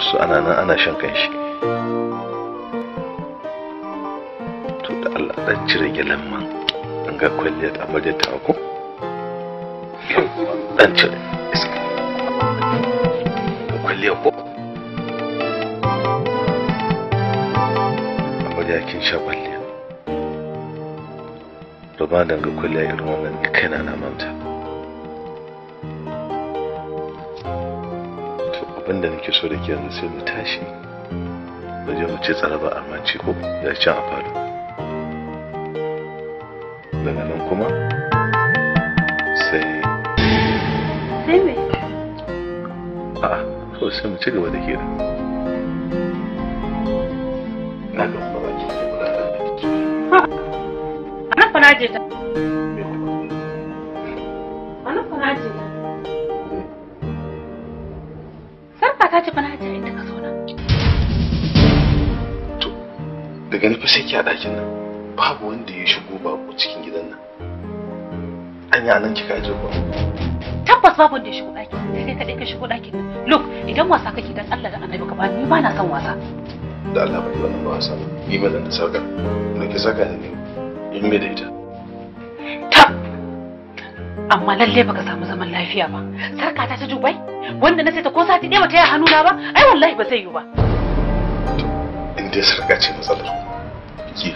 wasu ana nan ana shan kanshi to da Allah dan cire gilan man an ga kwalliyar amarya ta ko dan cire kwalliyar ko amarya kin sha kwalliyar to ba dan ga kwalliyar irin wannan kaina na manta da nake so da ke yanzu sai mu tashi mu je mu ci tsaraba armanci ko da can a falo daga nan kuma sai sai me a to sai mu ci gaba da kira na ga ba kula da gani fa sai ki a ɗakin nan babu wanda ya shigo bako cikin gidan nan an yi anan kika aje ba tabbas babu wanda ya shigo ɗakin sai kaɗai ka shigo ɗakin nan look idan wasa kake dan Allah da annabi ka bani ba na son wasa da Allah ba wannan ba wasa ni ma dan saka ne ki saka ne in me da ita tab amma lalle baka samu zaman lafiya ba sarka ta ta Dubai wanda na sai ta ko sati ɗaya ba ta yi hannu na ba ai wallahi ba zai yi ba in dai sarka ce matsalar ki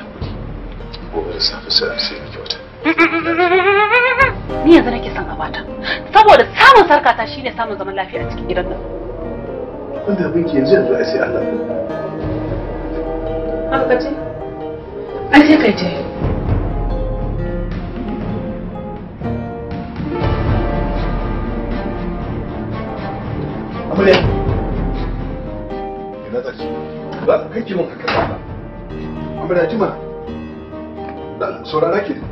gobe da safe sai sai miki wata ni yanzu nake son abata saboda samun sarkata shine samun zaman lafiya a cikin gidan nan wanda abin ki yanzu yanzu ai sai Allah haka kace ai sai kai ce Amulia, ina tsaki. Ba, ke mun haka ba. Ibrahim jima. Saurara ki.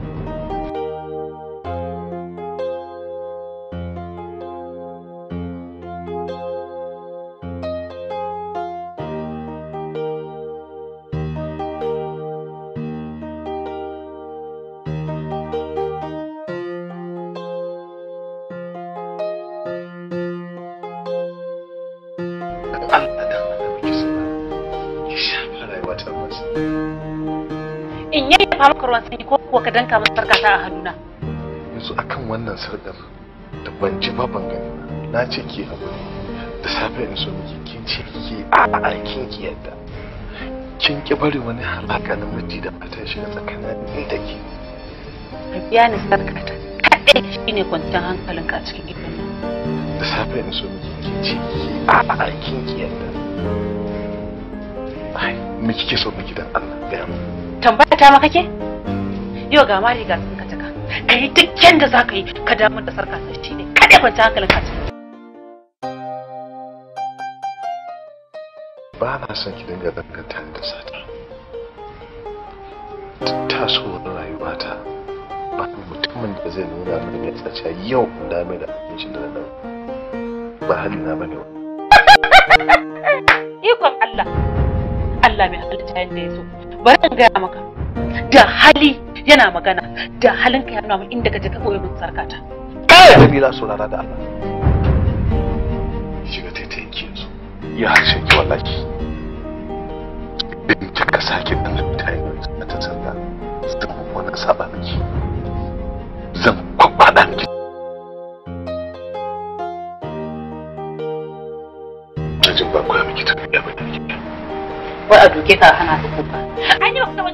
dafa maka ruwan sanyi ko kuwa ka danka min sarka a hannuna yanzu akan wannan sarkar da ban ji ba ban gani na ce ke abu da safe in so miki kin ce ke a a kin ki yadda kin ki bari wani halaka na miji da matan shi tsakanin ni da ke biya ni sarka ta kaɗai shine kwanciyar hankalinka a cikin gidan da safe in so miki kin ce ke a a kin ki yadda ai me kike so miki dan Allah ga mu tambaya ta maka ke yau ga mari ga sun ka taka ka yi duk yanda za ka yi ka damu da sarka sa shi ne kada kwanta hankalin ka ba na son ki dinga danganta da sata tasowar rayuwata ba mutumin da zai nuna mun ne tsaca yau da mai da abincin da na ba halina ba ne wa ikon Allah Allah mai halitta yanda ya so bari in gaya maka da hali yana magana da halin ka yana nuna inda ka je ka koyi min sarkata kai Jamila saurara da Allah shiga taitai ki yanzu ya harshe ki wallahi in kika sake dan mutane na ta tsalla zan wani saba miki zan kwakwada miki Jin ba koya miki tafiya ba ne. Wai a duke ka hana ka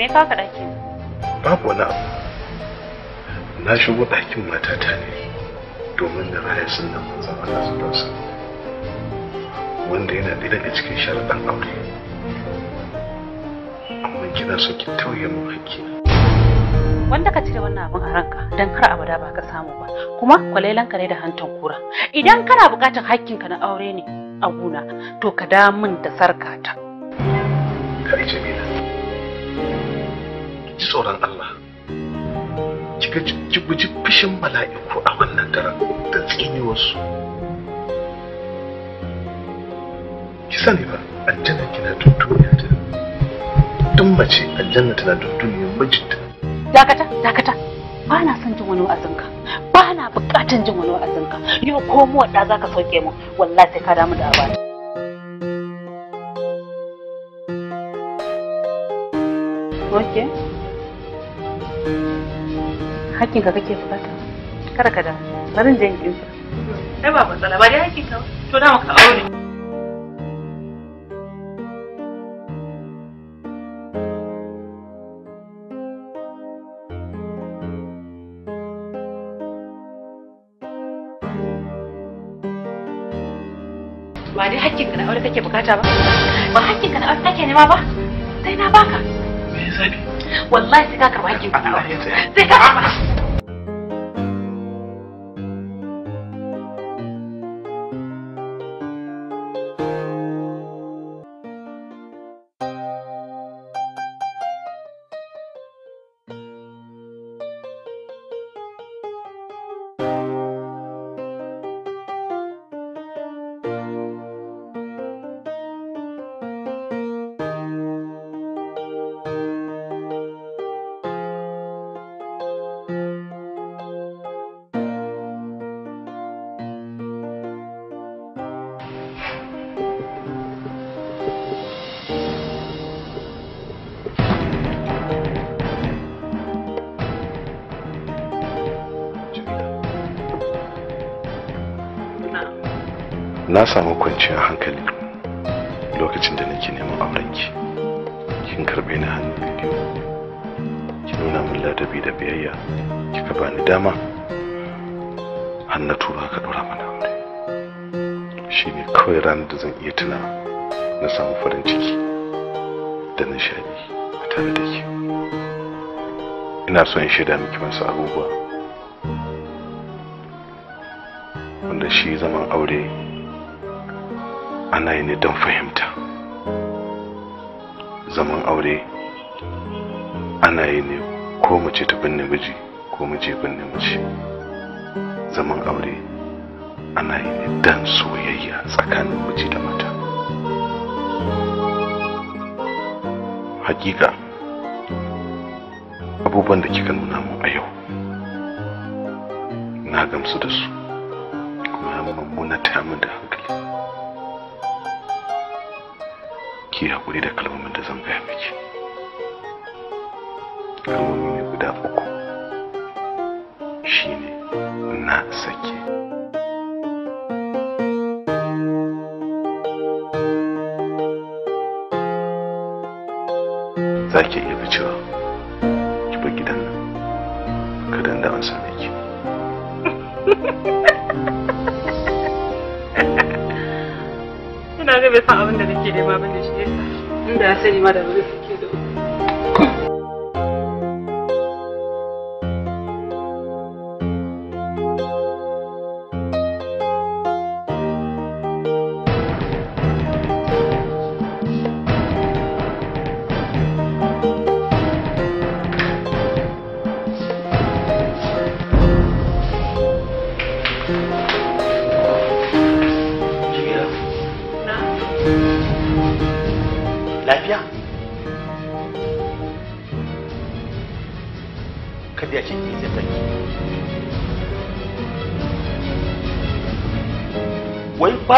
me ka faɗa ɗakin babu wani abu na shigo ɗakin matata ne domin da raya sun nan manzan Allah su dausa wanda yana ɗaya daga cikin sharaɗan aure amma kina so ki tauye mu hakki wanda ka cire wannan abin a ranka don kar abada ba ka samu ba kuma kwalelanka ne da hantan kura idan kana buƙatar haƙƙinka na aure ne a gona to ka da min da sarkata kai jamila tsoron Allah ki guji fushin mala'iku a wannan daren da wasu ki sani ba aljanna kina tuntuniya ta tun mace aljanna tana tuntuniya mijinta dakata dakata ba na son jin wani wa'azinka ba na bukatan jin wani wa'azinka yau ko mu wadda zaka sauke mu wallahi sai ka damu da abaci Okay. hakkin ka kake bukata kada ka da barin da yankin sa ai ba matsala ba dai hakkin ka to dama ka aure ba dai hakkin ka na aure kake bukata ba ba hakkin ka na aure kake nema ba sai na baka wallahi sai ka karba hakkin ka sai ka karba na samu kwanciyar hankali lokacin da nake neman aurenki kin karbe ni hannu biyu ki nuna min ladabi da biyayya kika bani dama har na tura ka dora mana aure Shi ne kawai ranar da zan iya tuna na samu farin ciki da nishadi a tare da ke ina son shaida miki masu abubuwa wanda shi zaman aure ana yi ne don fahimta zaman aure ana yi ne ko mace ta binne miji ko mace binne mace zaman aure ana yi ne don soyayya tsakanin miji da mata hakika abubuwan da kika nuna mu a yau na gamsu da su kuma ta mu da ki hakuri da kalmomin da zan gaya miki maravilhoso.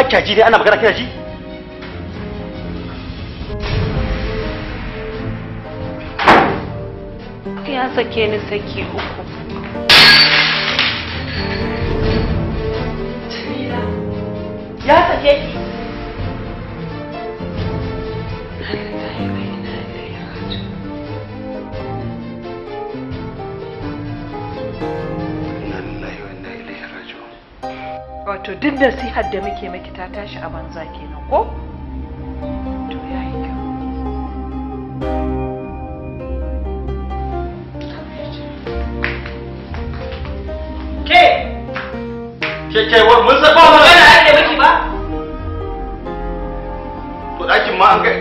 ba dai ana magana kina ji ya sake ni saki uku nasihar da muke maki ta tashi a banza kenan ko to yayi kyau ke ke ke wa mun san ba magana a da miki ba to dakin ma an kai.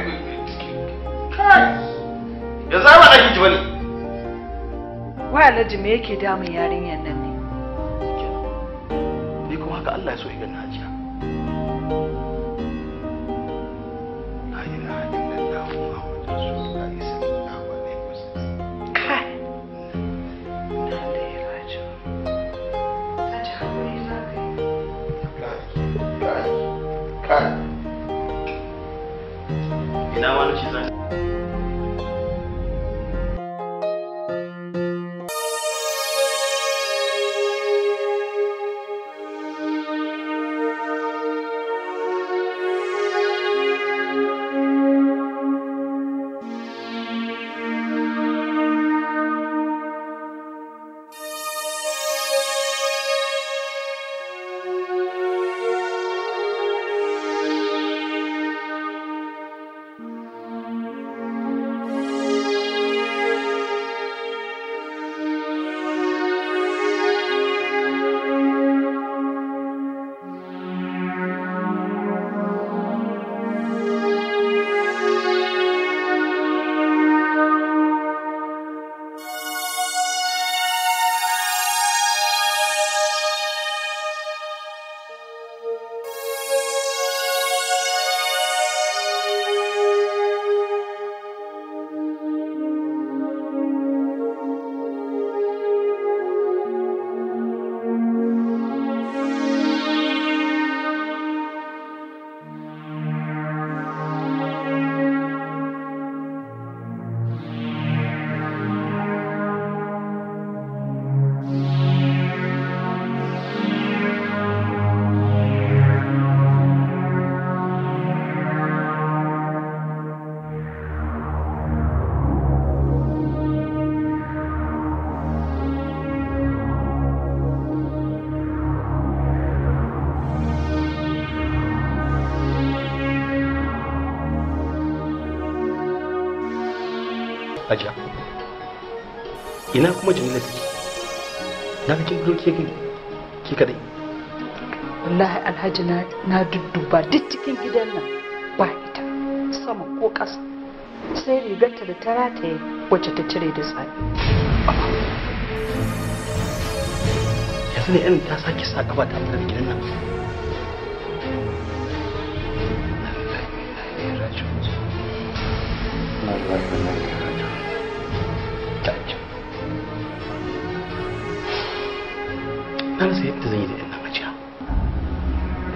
yanzu ai ba dakin ki bane wa alhaji me yake damun yarinyan nan 来说一个难。hajiya ina kuma jamila ke na ga kin ke gani ki kadai wallahi alhaji na na dudduba duk cikin gidan nan ba ita sama ko ƙasa sai rigarta da ta rataye wacce ta cire da tsari yanzu ne yan ta sake sa gaba ta da gidan nan Allah Allah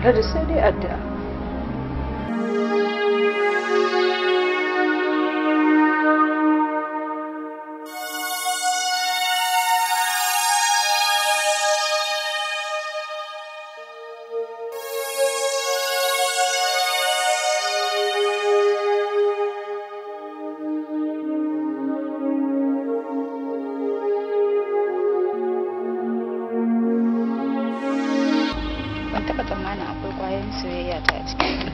Harusnya dia ada. soyayya ta a cikin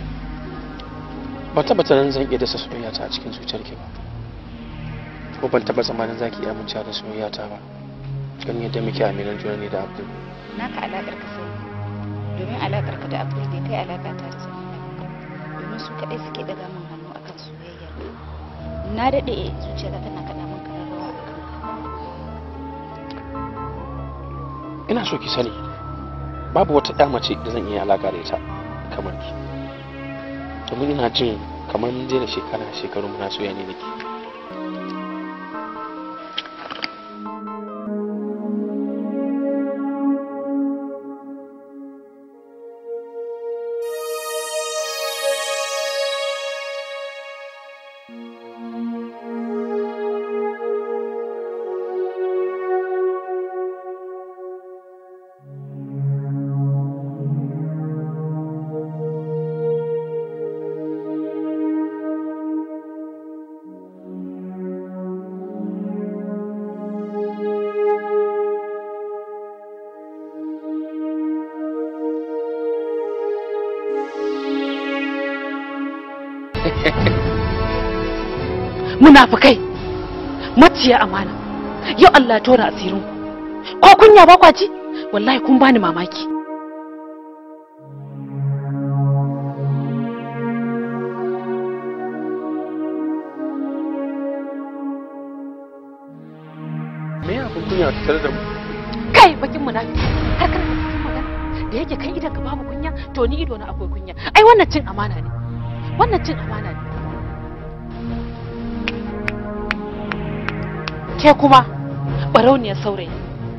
ba taba tunanin zan iya dasa soyayya ta cikin zuciyar ki ba ko ban taba tsammanin zaki iya amince da soyayya ta ba kan yadda muke aminan juna ne da Abdul naka alakar ka sai domin alakar ka da Abdul bai kai alaka ta da Samira domin su kadai suke daga min hannu akan soyayya na dade zuciyar zuciyata tana kana min kararrawa rawa ina so ki sani babu wata ɗa mace da zan iya alaka da ita kamar ki domin ina jin kamar mun je da shekara shekaru muna soyayya ne nake munafukai maciya amana yau Allah ya tona asirin ku ko kunya ba kwaci wallahi kun bani mamaki me ya kunya tare da mu kai bakin munafiki har kana magana da yake kan idan ka babu kunya to ni ido na akwai kunya ai wannan cin amana ne wannan cin amana ne ke kuma barauniyar saurayi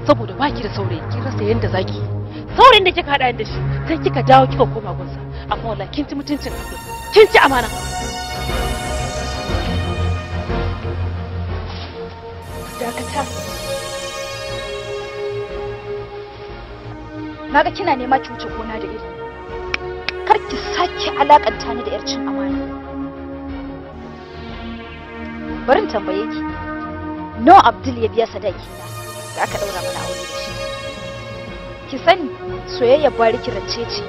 saboda baki da saurayi kin rasa yadda zaki saurayin da kika hada da shi sai kika dawo kika koma gonsa amma wallahi kin ci mutuncin kin ci amana dakata ga kina nema ki wuce gona da iri kar ki sake alakanta ni da yar cin amana bari in tambaye ki no abdul ya biya sadaki da aka daura mana aure shi ki sani soyayya ba riki rance ce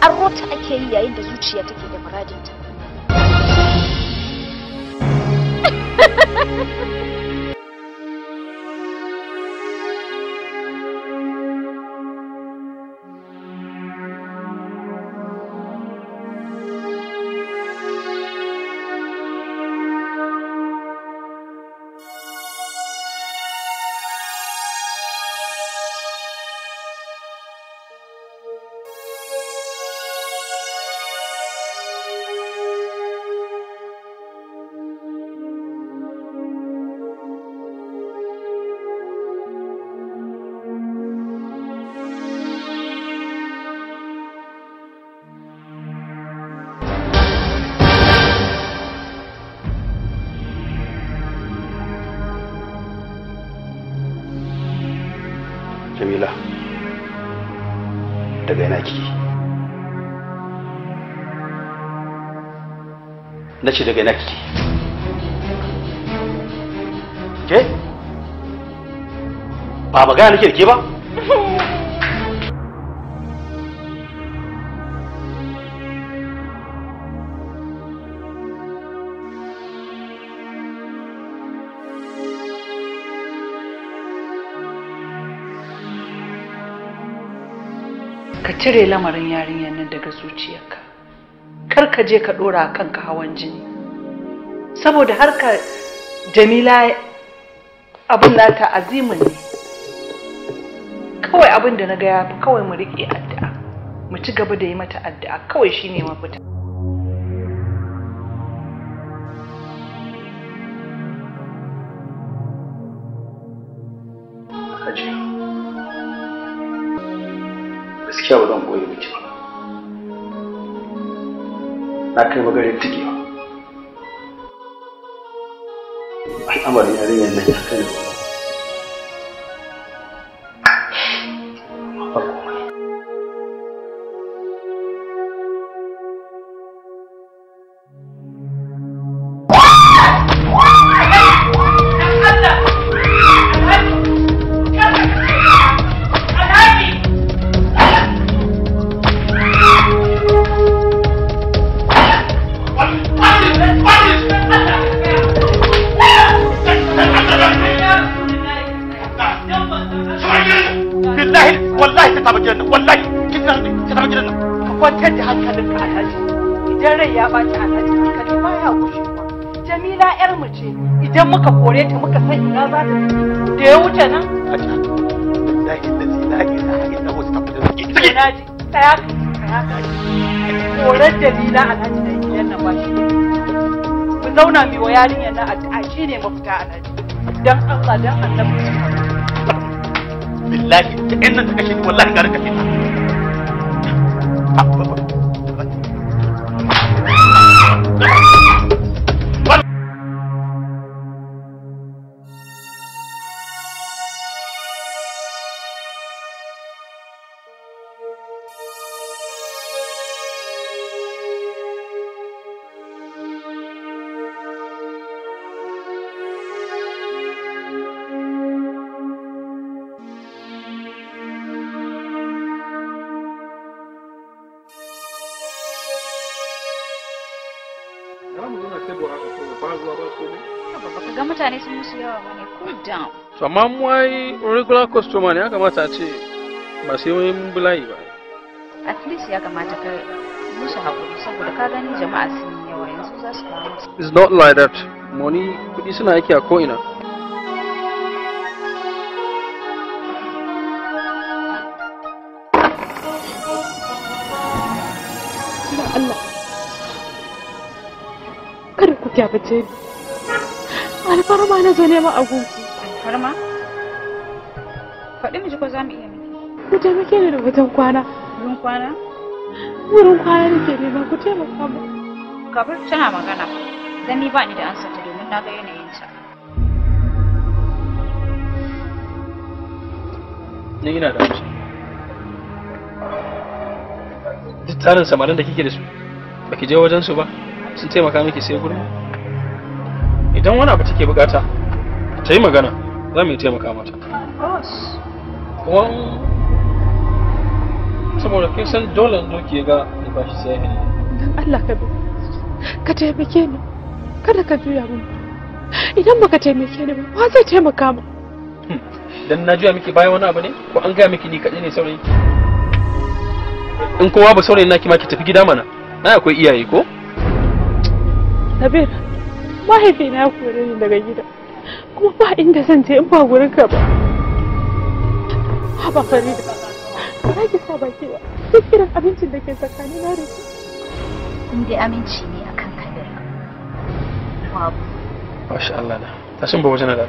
an rota ake yi yayin da zuciya take da muradinta na ce daga na kike ke ba magana nake da ke ba ka cire lamarin yarinyar nan daga zuciyarka ka je ka ɗora kanka hawan jini saboda har ka jamila abin nata azimin ne kawai abin da na ga kawai mu riƙe addu'a mu ci gaba da yi mata addu'a kawai shine mafita gaskiya ba na kai magarin tikewa al'amarin yarinyar nan ya kai mu zauna mai wa yarinyar na a shi ne mafita a nan dan Allah dan Allah. billahi ta inna ta kashe wallahi ga ka fita mutane sun musu yawa ba ne cool down to amma mu ai regular customer ne ya kamata a ce ba sai mun bulayi ba at least ya kamata ka musu hakuri saboda ka gani jama'a sun yi yawa yanzu za su kawo it's not like that money kudi suna aiki a ko ina Allah kada ku kyabace ni alfarma na zo nema a farma alfarma faɗi miji ko za mu iya miki ku taimake ni da wutan kwana wurin kwana wurin kwana nake nema ku taimaka mu kabir tana magana dan ni ba ni da ansa ta domin na ga sa. ni ina da amsa duk tsarin samarin da kike da su baki je wajen su ba sun taimaka miki sai gurin idan wani abu take bukata ta yi magana za mu yi taimaka mata saboda kin san dole doki ga ni ba shi sai ne dan Allah ka bi ka taimake ni kada ka juya mun idan baka taimake ni ba wa zai taimaka mu hmm. dan na juya miki bayan wani abu ne ko an gaya miki ni kaɗai ne saurayi in kowa ba saurayin naki ma ki tafi gida mana ai akwai iyaye ko Nabir mahaifina ya kore ni daga gida kuma ba inda zan je in ba gurin ka ba haba farida ba ki sa baki ba duk irin abincin da ke tsakani na da in dai aminci ne akan kabir babu masha Allah na tashin ba wajen da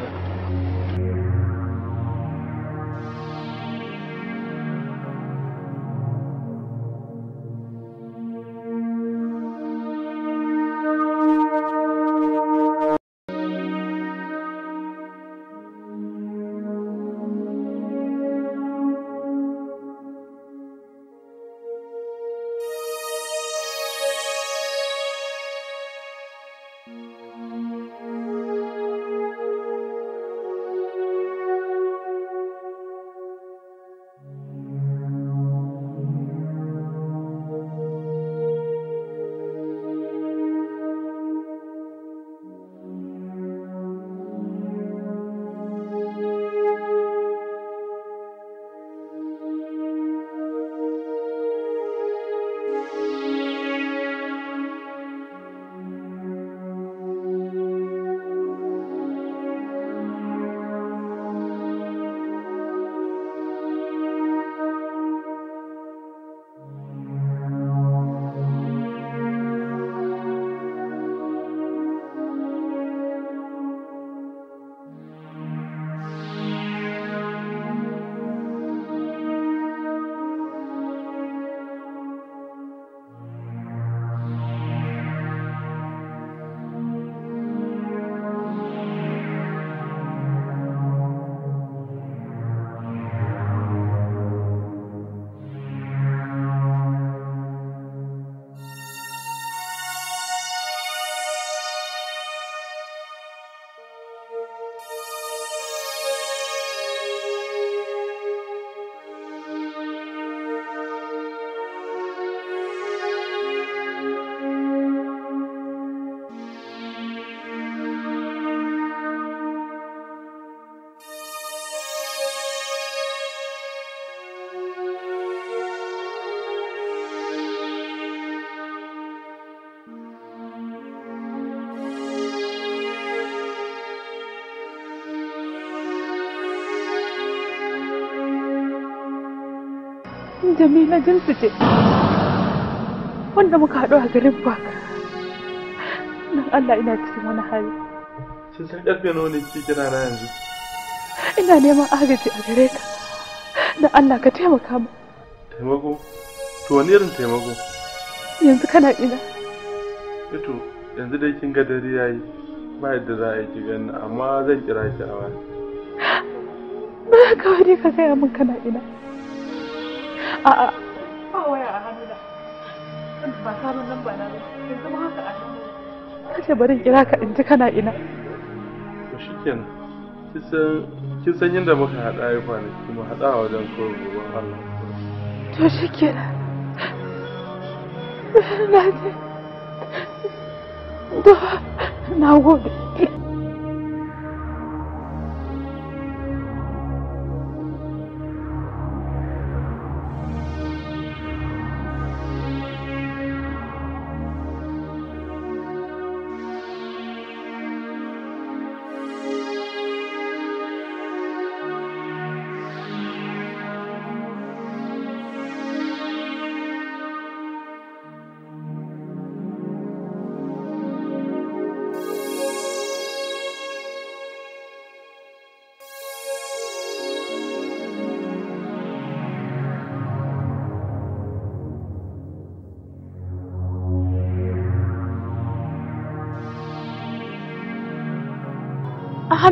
Jamila Jinsu ce. Wanda muka haɗu a garin Baka. Nan Allah ina cikin wani hali. Sun san ƙarfe nawa ne ke kira na yanzu? Ina neman agaji a gare ka. Dan Allah ka taimaka mu. Taimako? To wani irin taimako? Yanzu kana ina. Ito, eh yanzu dai kin ga dare yayi. Ba yadda za a yi ki gani amma zan kira ki a wani. Ba ka wani ka gaya min kana ina. a'a ba waya a hannuna ba nan ba na a hannuna kace bari kira ka in ji kana ina to shikenan kisan kin yadda muka haɗa ya kwanaki mu a wajen kawai gobe Allah to shikenan na je na gode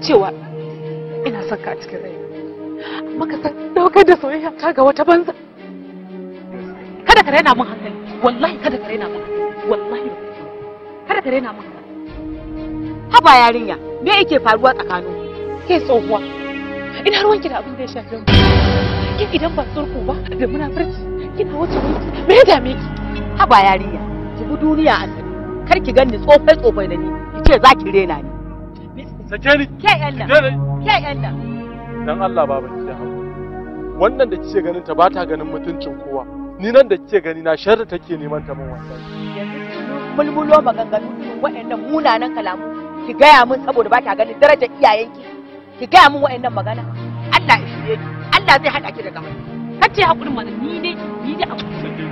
cewa ina son ka a cikin rai amma ka san daukar da soyayya ta ga wata banza kada ka raina min hankali wallahi kada ka raina min hankali wallahi kada ka raina min hankali haba yarinya me yake faruwa tsakanin ke tsohuwa ina ruwanki da abin da ya shafe mu ki idan ba tsurku ba da muna farki kina wuce wuce me ya dame ki haba yarinya ki bi duniya a kar ki ganni tsofai tsofai da ni ki ce za ki rena ni Sake ni. Ke Allah. Ke Allah. Dan Allah baba ki hau. Wannan da kike ganin ta ba ta ganin mutuncin kowa. Ni nan da kike gani na sharri take neman ta min wasa. Mulmulo maganganu wa'annan waɗannan munanan kalamu ki gaya min saboda ba ta ganin darajar iyayenki. Ki gaya min waɗannan magana. Allah ya shirye ki. Allah zai haɗa ki da gaba Kace hakurin mana ni dai ni dai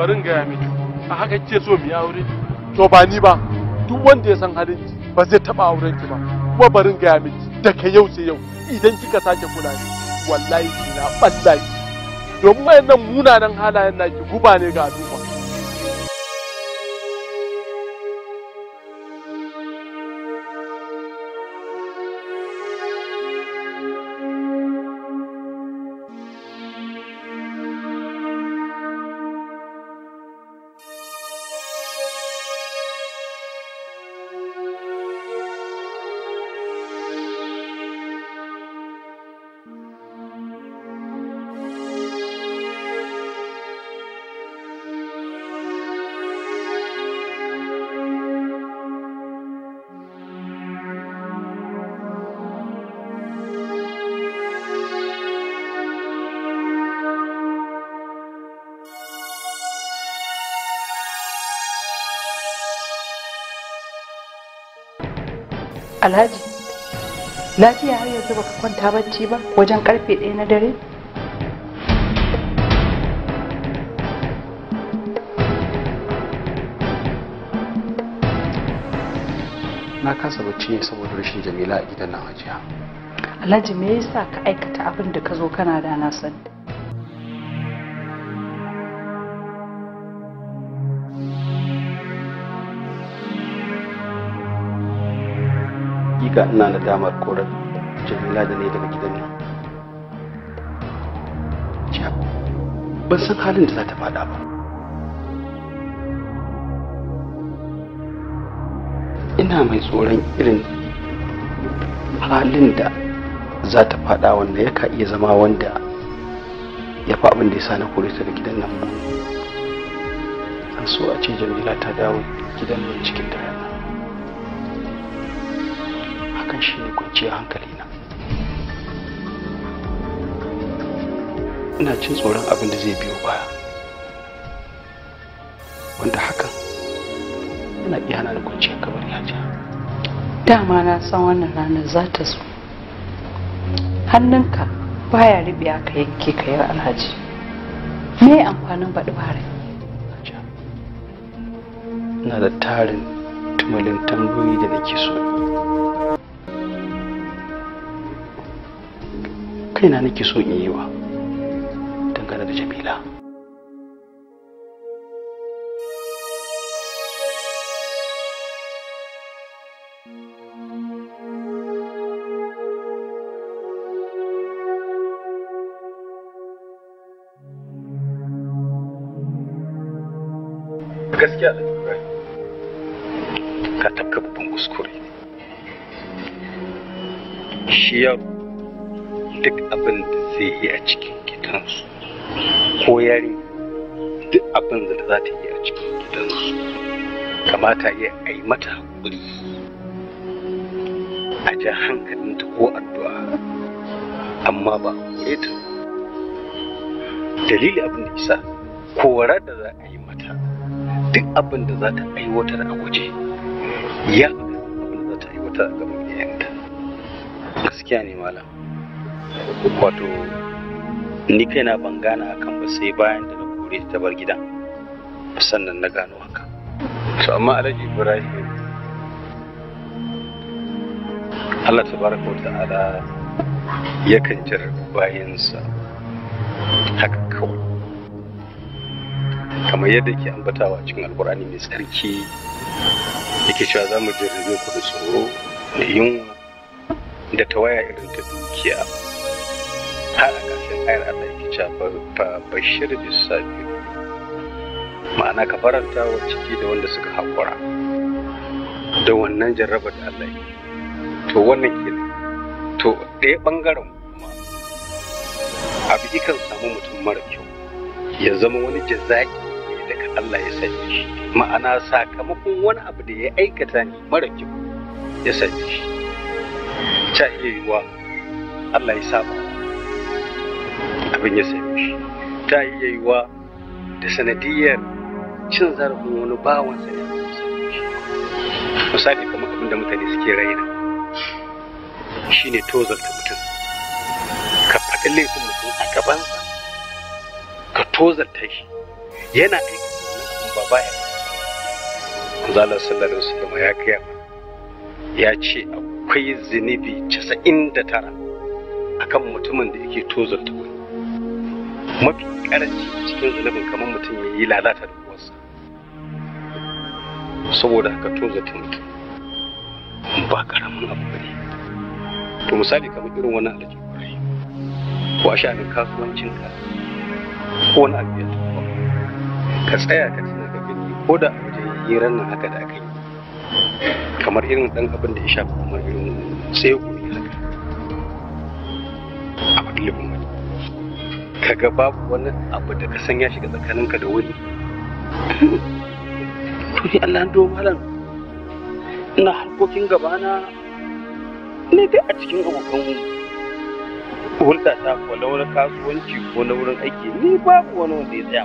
bari in gaya miki. A haka kike so mu yi aure? To ba ni ba. Duk wanda ya san halin ba zai taba auren ki ba kuma barin gaya miki daga yau sai yau idan kika sake kula ni wallahi na balla ki domin wayannan munanan halayen naki guba ne ga al'umma alhaji lafiya har yanzu baka kwanta bacci ba wajen karfe ɗaya na dare na kasa bacci ne saboda rashin jamila a gidan nan hajiya alhaji me yasa ka aikata abin da ka zo kana da na sani hakika ina da damar korar jamila da ne daga gidan nan ban san halin da za ta faɗa ba ina mai tsoron irin halin da za ta faɗa wanda ya ka iya zama wanda ya fa abin da ya sa na kore ta da gidan nan an so a ce jamila ta dawo gidan nan cikin dare shi ne kwanciyar hankali na ina cin tsoron abin da zai biyo baya wanda hakan yana iya hana da kwanciyar kamar yaja dama na san wannan ranar za ta zo hannunka baya riɓe aka yanke ka yi alhaji me amfanin baɗi bare ina da tarin tumalin tambayoyi da nake so kaina nake so in yi wa dangane da jamila gaskiya da ka tafka babban kuskure shi yaro duk abin da zai yi a cikin gidansu ko yari duk abin da za ta yi a cikin gidansu kamata ya a yi mata hakuri a ja hankalinta ko addu'a amma ba kure ta dalili abin da isa kora da za a yi mata duk abin da za ta aiwatar a waje ya abin da za ta aiwatar a gaban yayanta gaskiya ne malam wato ni kaina ban gane hakan ba sai bayan da na kore ta bar gidan sannan na gano haka to amma alhaji ibrahim allah tabaraka wa ta'ala yakan jar bayansa haka kawai kamar yadda ke ambatawa cikin alkur'ani mai tsarki yake cewa za mu jarrabe ku da tsoro da yunwa da tawaya irin ta dukiya har a ƙarshen ayar Allah yake cewa fa bashir bisabir ma'ana ka faranta wa ciki da wanda suka haƙura da wannan jarrabar da Allah yi to wannan ke to ɗaya ɓangaren kuma abu ikan samu mutum mara kyau ya zama wani jaza'i ne daga Allah ya sanya shi ma'ana sakamakon wani abu da ya aikata ne mara kyau ya sanya shi ta iya yiwuwa Allah ya saba abin ya same shi ta iya yiwuwa da sanadiyar cin zarafin wani bawan sa ne misali kamar abin da mutane suke raina shine tozarta mutum ka faɗi laifin mutum a gabansa ka tozarta shi yana aikata wannan abin ba baya Manzala sallallahu alaihi wasallam ya gaya ya ce akwai zunubi casa'in da tara akan mutumin da yake tozarta mutum. mafi karanci cikin zunubin kamar mutum ya yi lalata da uwansa saboda haka to zata mutu ba karamin abu bane to misali kamar irin wani alaji kurai ko a sha'anin kasuwancinka ko wani abu ya ka tsaya ka tuna ga gani ko da wajen hirar nan haka da aka yi kamar irin dan abin da ya shafi kamar irin sai ya haka a fadilin kaga babu wani abu da ka sanya ya shiga tsakaninka da wani to ni Allah do malam ina harkokin gabana ne dai a cikin abokan hulɗa ta ko na wurin kasuwanci ko na wurin aiki ni babu wani wanda ya tsaya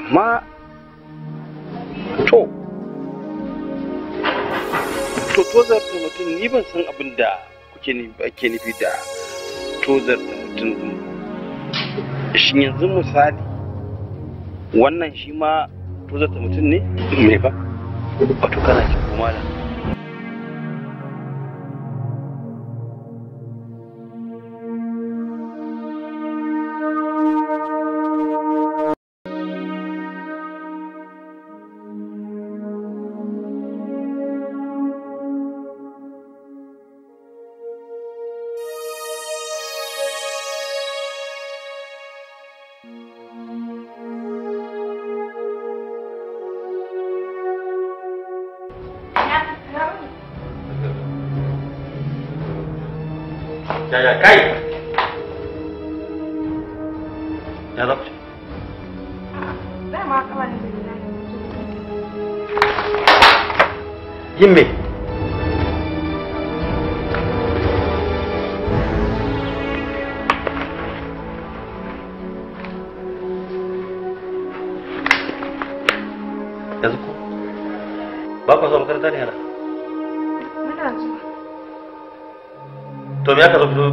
amma to to tozar mutum ni ban san abin da kuke nufi da tozar mutum shi yanzu misali wannan shi ma tuzata mutum ne mai ba wato kana cikin malam Ya ya kayıp. Ya Rabbi. Yirmi.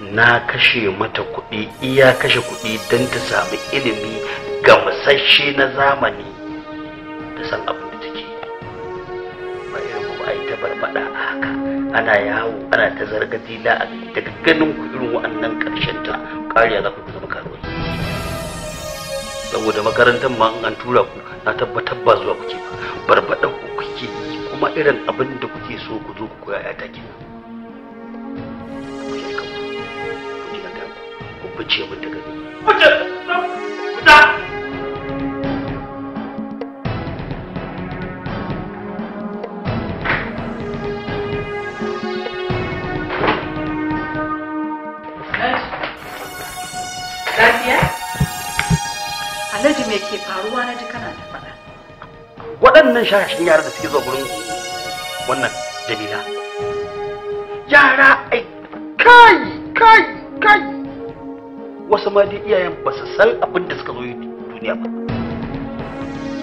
na kashe mata kuɗi iya kashe kuɗi don ta sami ilimi ga musashe na zamani da san abin da take ba irin ba a yi ta barbada a haka ana yawo ana ta zarga dila a daga ganin ku irin wa'annan ƙarshen ta ƙariya za ku zama karuwa saboda makarantar ma an tura ku na tabbatar ba zuwa kuke ba barbada ku kuke yi kuma irin abin da kuke so ku zo ku koya ya take fice mu daga ni fice fita Alhaji me ke faruwa na ji kana ta faɗa. Waɗannan shashin yara da suke zuwa gurin wannan Jamila. Yara ai kai kai kai wasu ma dai iyayen ba su san abin da suka zo yi duniya ba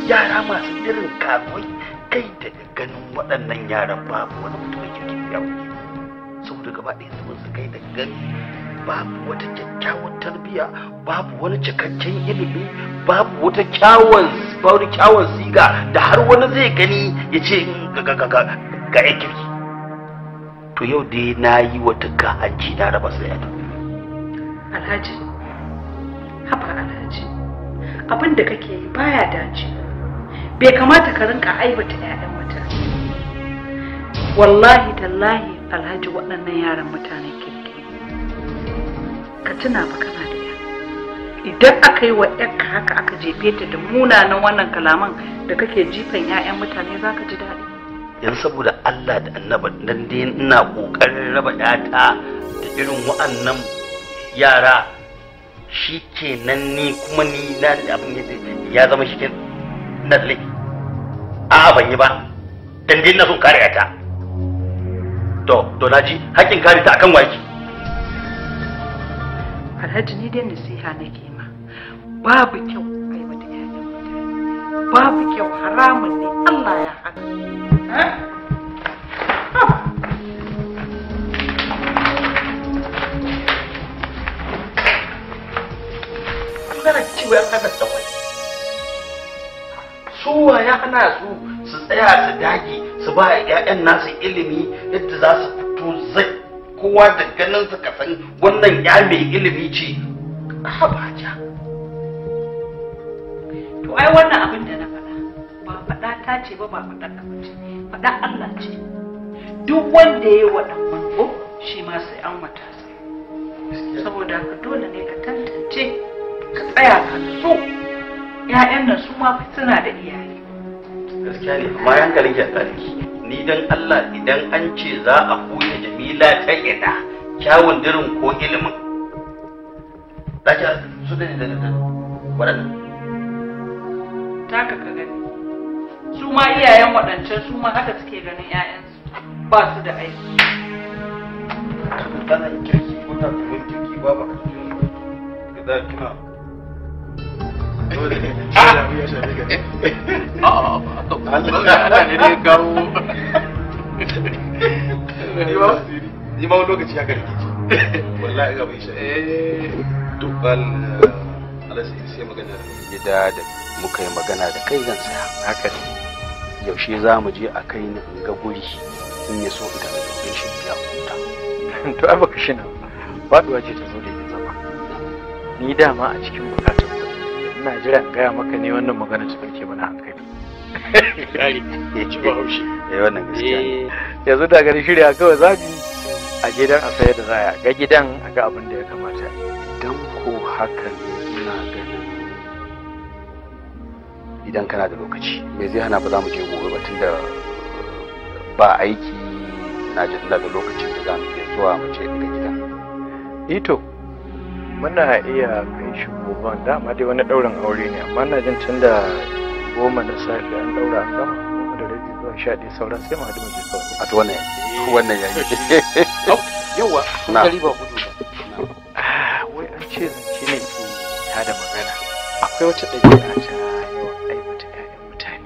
yara masu irin karuwai kai daga ganin waɗannan yaran babu wani mutumin kirki ya wuce saboda gaba ɗaya su su kai daga gani babu wata kyakkyawan tarbiyya babu wani cikakken ilimi babu wata kyawun babu kyawun siga da har wani zai gani ya ce ga ga ga ga ya kirki to yau dai na yi wata hanci na raba sai alhaji abin da kake yi baya dace bai kamata ka rinka aibata 'ya'yan mutane wallahi tallahi alhaji waɗannan yaran ke kirki ka tuna ba kana da ya idan aka yi wa ka haka aka jefe ta da munanan wannan kalaman da kake jifan 'ya'yan mutane za ka ji daɗi yanzu saboda allah da annaba dan dai ina ƙoƙarin raba 'yata da irin waɗannan yara shi ke nan ni kuma ni na da abin ya zama shi ke na da a a'a ban yi ba dandin na sun kare ta to to na ji hakkin kare ta akan waki alhaji ni dai nasiha nake ma babu kyau ai mata ƴaƴan babu kyau haramun ne Allah ya haka eh? magana ya hana da wani suwa ya hana su su tsaya su dage su ba ya'yan nasu ilimi yadda za su fito zai kowa da ganin su kasan wannan ya mai ilimi ce a baja to ai wannan abin da na faɗa ba faɗa ta ce ba ba faɗa ta ce faɗa Allah ce duk wanda ya yi waɗannan mango shi ma sai an wata saboda ka dole ne ka tantance ka tsaya ka so ƴaƴan nan su ma suna da iyaye gaskiya ne amma hankalin ki ɗaliki ni dan Allah idan an ce za a koya Jamila ta ina kyawun dirin ko ilimin ɗaki su da ne da nan waɗannan taka ka gani su ma iyayen waɗancan su ma haka suke ganin 'ya'yansu, ba su da aiki tana kirki ko ta kirki ba ba ka za kina ni ma wani lokaci haka rikici wallahi ga bai sha dubban alasa sai magana gida da muka yi magana da kai zan saya haka ne yaushe za mu je a kai ni in ga guri in ya so ita da dubin shi ya huta to ai baka shi nan faduwa ce ta zo da yin zama ni dama a cikin bukatar ina jira in gaya maka ne wannan magana su ke mana hankali ba haushi eh wannan gaskiya eh. yanzu da gari shirya kawai zabi a gidan a sayar da zaya ga gidan a ga abin da ya kamata idan ko haka ne ina ganin idan kana da lokaci me zai hana ba za mu je gobe ba tunda uh, ba aiki na jin da lokacin da za mu je zuwa mu je ga gidan ito eh muna iya kai shi gobe dama dai wani ɗaurin aure ne amma na jin tun da goma na safe an ɗaura a sama goma da rabi zuwa sha ɗaya sauran sai mu haɗu kawai. a to wannan yayi wannan yayi. yawa na gari ba gudu ba. Ah, wai an ce zance ne ke tada magana akwai wata ɗabi'a ta yawan aibata 'ya'yan mutane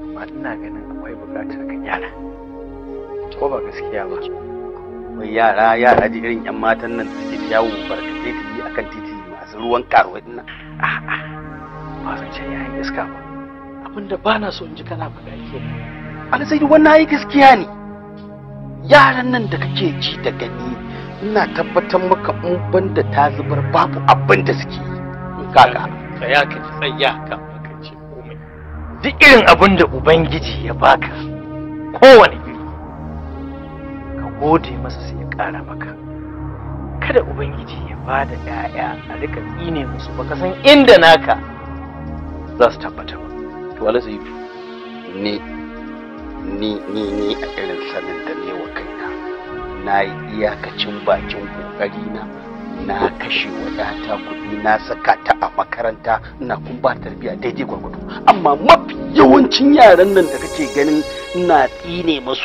amma ina ganin akwai buƙatar ka gyara ko ba gaskiya ba. yara yara da irin 'yan matan nan da suke yawo barkatai masu ruwan karuwa dinnan a'a ba zan ce yi iska ba abin da bana so in ji kana faɗa ke alzai wannan ayi gaskiya ne yaran nan da kake ji da gani ina tabbatar maka in banda ta zubar babu abin da suke yi Kaya tsaya ka tsaya ka ka ce komai duk irin abin da ubangiji ya baka kowane iri ka gode masa sai ya kara maka kada ubangiji ya ba da 'ya'ya a rika tsine musu baka san inda naka za su tabbata ba to alasi ni ni ni ni a irin sanin da ne wa kaina na yi iyakacin bakin kokari na na kashe wadata kuɗi na saka ta a makaranta na kun ba tarbiyya daidai gwargwado amma mafi yawancin yaran nan da kake ganin na tsine musu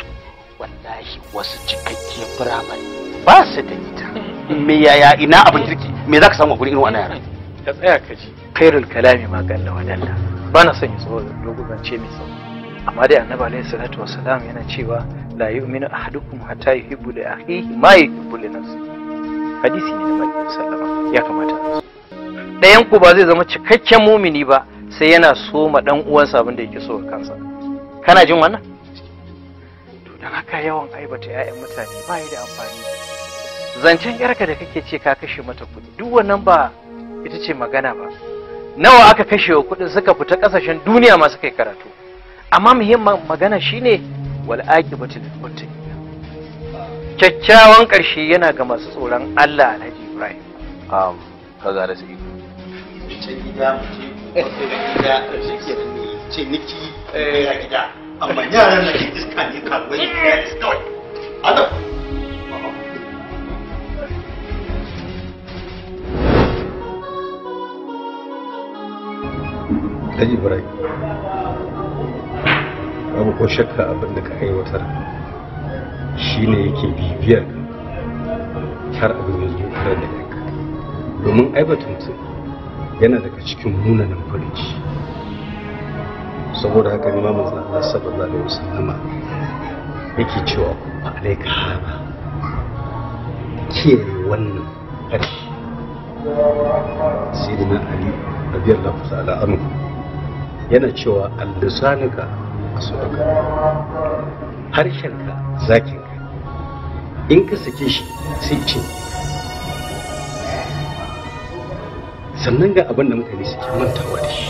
wallahi wasu cikakken firamare ba su da ni me yaya ina abin kirki me zaka samu gurin irin wannan yaran ka tsaya ka ji khairul kalami ma galla wa dalla bana son ya tsoro dogon ce mai tsawo amma dai annabi alaihi salatu wassalam yana cewa la yu'minu ahadukum hatta yuhibbu li akhihi ma yuhibbu li nafsihi hadisi ne na manzon sallama ya kamata ɗayan ku ba zai zama cikakken mumini ba sai yana so ma dan uwansa abin da yake so kansa kana jin wannan to dan haka yawan aibata 'ya'yan mutane ba da amfani zancen yarka da kake ce ka kashe mata kuɗi duk wannan ba ita ce magana ba nawa aka kashe wa kuɗin suka fita ƙasashen duniya ma suka yi karatu amma muhimmin magana shine wal aqibatu lil muttaqin kyakkyawan ƙarshe yana ga masu tsoron Allah Alhaji Ibrahim um kaza da sai ce gida ce niki ya eh, gida amma yaran da ke iska ne kawai kawai dan ibrahim abu ko shakka abin da ka aiwatar ne yake bibiyar har abin ya zo kare da yanka domin aibata mutum yana daga cikin munanan farinci saboda haka ne mamu Allah sallallahu alaihi wasallama yake cewa ba alaika hana kiyaye wannan ƙarshe sai da na ali abiyar ta'ala anhu yana cewa harshen ka, zakin ka, in ka sake shi sai ce sannan ga abin da mutane suke mantawa da shi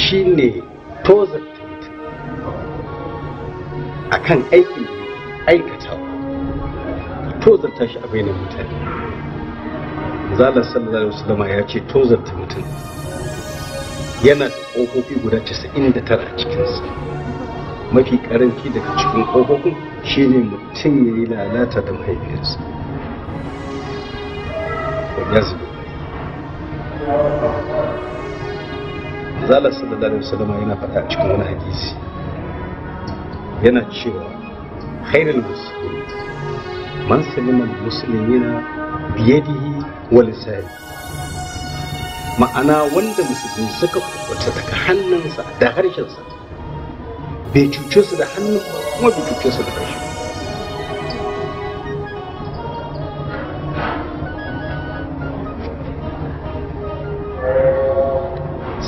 shi ne tozarta mutum a kan aikin aikatawa tozarta shi a bainar mutane zalar sallallahu alaihi wasallama ya ce tozarta mutum yana da ƙofofi guda 99 a cikinsa mafi karanci daga cikin ƙofofin shine mutum ya yi lalata da mahaifiyarsa zala sallallahu alaihi salama yana faɗa a cikin wani hadisi yana cewa khairul muslimin man salima al-muslimina biyadihi wa lisanihi ma'ana wanda musulmi suka kubuta daga hannunsa da harshensa bai cuce su da hannun kuma bai cuce su da harshen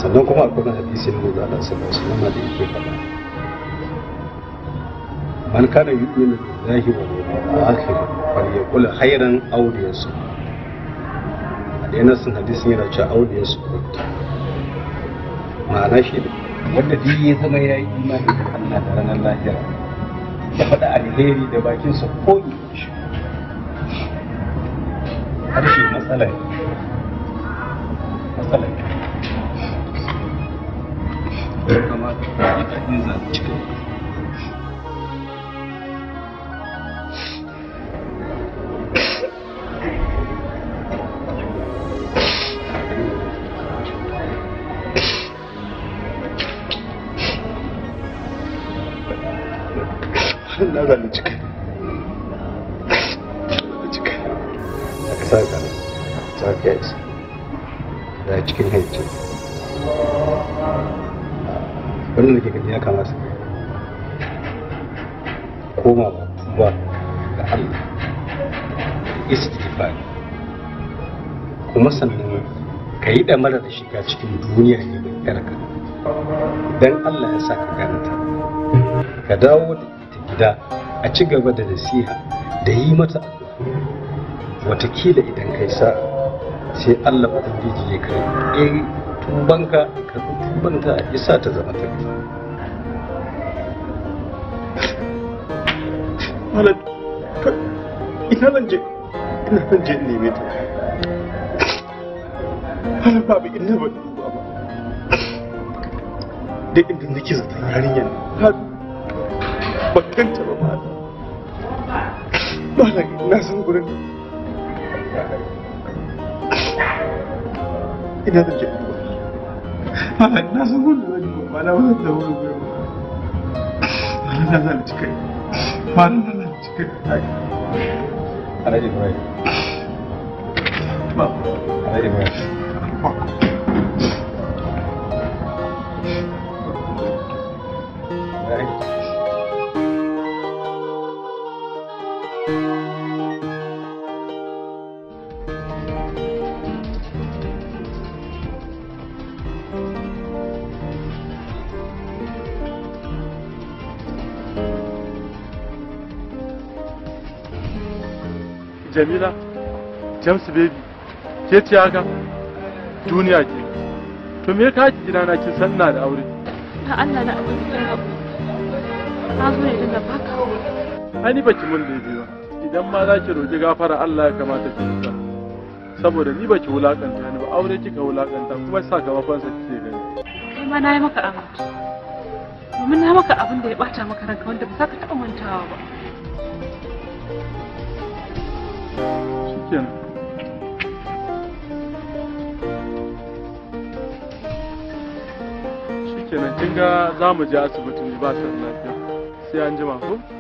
sannan kuma kuma hadisi na manzo Allah su alaihi wasallam da yake faɗa man kana yu'minu billahi wal yawmil akhir falyaqul khairan aw liyasmut da yana sun hadisin yana cewa aure ya su ma'ana shi ne wanda duk ya zama ya yi imani da Allah da ranar lahira ya faɗa alheri da bakinsa ko shi harshe matsala ne matsala ne ya kamata koma ba ba ga Allah istighfar kuma sannan ka yi ɗamara da shiga cikin duniyar yarka idan Allah ya sa ka ganta ka dawo da ita gida a ci gaba da nasiha da yi mata watakila idan kai sa sai Allah ubangiji ya kai eh, tumbanka ka tumbanta ya sa ta zama ta malam ina zan je ina zan je neme ta malam babu ina ba duba ba da inda nake zaton ba ba san gurin ina zan je duba na san gurin da zan duba malam wannan da wani gurin na zan ci kai Para de ver. Bom, para vai. jamila james baby ke ce haka duniya ke to me ka ki gidana kin san ina da aure ta Allah na abin da na zo ne dinga baka ai ni baki mun daidai ba idan ma za ki roki gafara Allah ya kamata ki roka saboda ni baki wulakanta ni ba aure kika wulakanta kuma sakamakon sa kike gani kai ma na yi maka abin domin na maka abin da ya bata maka ranka wanda ba za ka taɓa mantawa ba kenan shikenan kin ga za mu je asibitin ba san lafiya sai an jima ko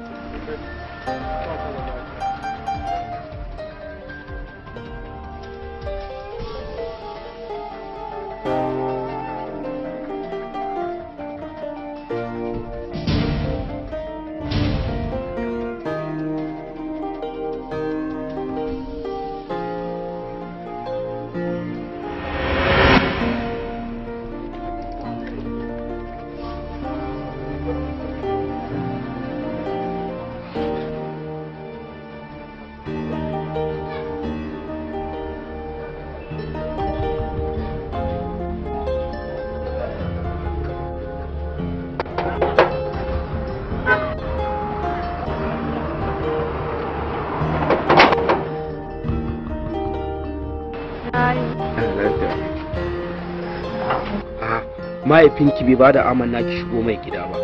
mahaifinki bai bada amanna ki shigo mai gida ba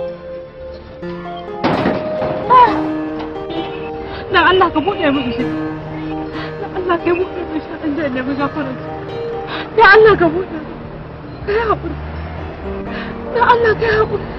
Na Allah ka buɗe mu shi Na Allah ka buɗe min shi dan da nemi gafarar Na Allah ka buɗe ka yi haƙuri Na Allah ka yi haƙuri